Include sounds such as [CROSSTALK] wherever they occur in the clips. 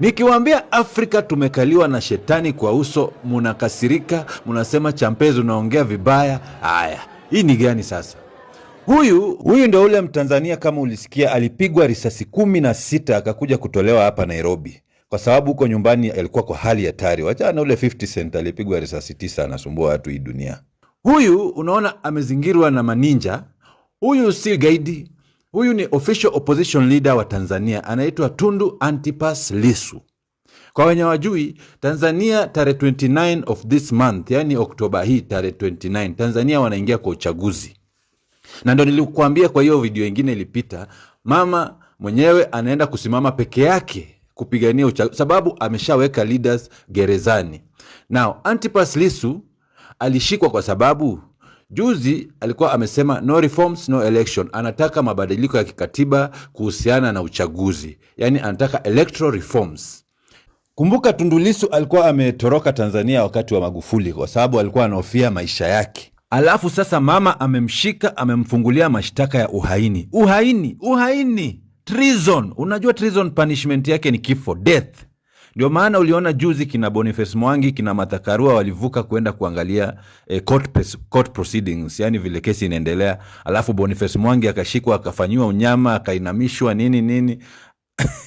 Nikiwaambia Afrika tumekaliwa na shetani kwa uso, munakasirika, munasema champezi, unaongea vibaya. Haya, hii ni gani sasa? Huyu huyu ndio ule Mtanzania kama ulisikia, alipigwa risasi kumi na sita akakuja kutolewa hapa Nairobi kwa sababu huko nyumbani alikuwa kwa hali ya tari Wachana ule 50 Cent alipigwa risasi tisa, anasumbua watu hii dunia. Huyu unaona amezingirwa na maninja. Huyu si gaidi, Huyu ni official opposition leader wa Tanzania, anaitwa Tundu Antipas lisu Kwa wenye wajui, Tanzania tarehe 29 of this month, yani Oktoba hii tarehe 29, Tanzania wanaingia kwa uchaguzi, na ndo nilikuambia kwa hiyo video ingine ilipita, mama mwenyewe anaenda kusimama peke yake kupigania uchaguzi, sababu ameshaweka leaders gerezani. Now Antipas lisu alishikwa kwa sababu Juzi alikuwa amesema no reforms, no election. Anataka mabadiliko ya kikatiba kuhusiana na uchaguzi, yaani anataka electoral reforms. Kumbuka Tundu Lissu alikuwa ametoroka Tanzania wakati wa Magufuli kwa sababu alikuwa anahofia maisha yake. Alafu sasa mama amemshika, amemfungulia mashtaka ya uhaini, uhaini, uhaini, treason. Unajua treason punishment yake ni kifo, death. Ndio maana uliona juzi kina Boniface Mwangi kina Matakarua walivuka kwenda kuangalia eh, court, court proceedings, yani vile kesi inaendelea, alafu Boniface Mwangi akashikwa akafanyiwa unyama akainamishwa nini nini [LAUGHS]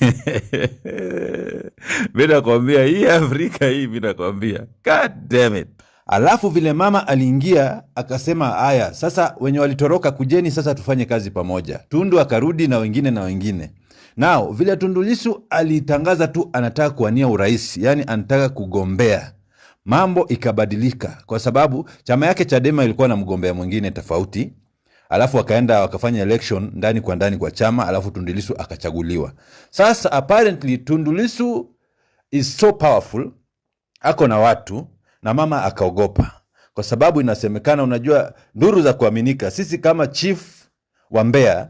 mi nakwambia hii Afrika hii, mi nakwambia, god damn it. Alafu vile mama aliingia akasema, haya sasa, wenye walitoroka kujeni, sasa tufanye kazi pamoja. Tundu akarudi na wengine na wengine nao. Vile Tundu Lissu alitangaza tu anataka kuwania urais, yani anataka kugombea, mambo ikabadilika, kwa sababu chama yake Chadema ilikuwa na mgombea mwingine tofauti. Alafu wakaenda wakafanya election ndani kwa ndani kwa chama, alafu Tundu Lissu akachaguliwa. Sasa apparently Tundu Lissu is so powerful, ako na watu na mama akaogopa, kwa sababu inasemekana, unajua nduru za kuaminika. Sisi kama chief wa Mbeya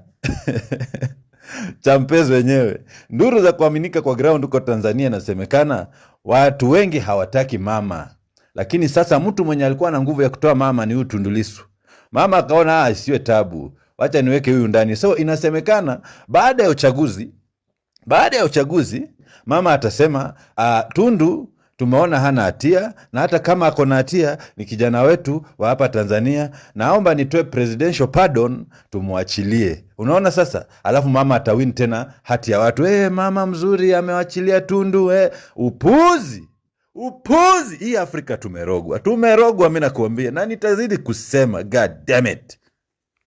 [LAUGHS] mpezo wenyewe, nduru za kuaminika kwa ground huko Tanzania, inasemekana watu wengi hawataki mama, lakini sasa mtu mwenye alikuwa na nguvu ya kutoa mama ni huyu Tundu Lissu. Mama akaona ah, siwe tabu, wacha niweke huyu ndani. So inasemekana baada ya uchaguzi, baada ya uchaguzi mama atasema uh, Tundu tumeona hana hatia, na hata kama ako na hatia ni kijana wetu wa hapa Tanzania. Naomba nitoe presidential pardon, tumwachilie. Unaona sasa, alafu mama atawin tena hati ya watu hey, eh, mama mzuri amewachilia Tundu hey. Eh. Upuzi, upuzi! Hii Afrika tumerogwa, tumerogwa. Mi nakuambia na nitazidi kusema, God damn it.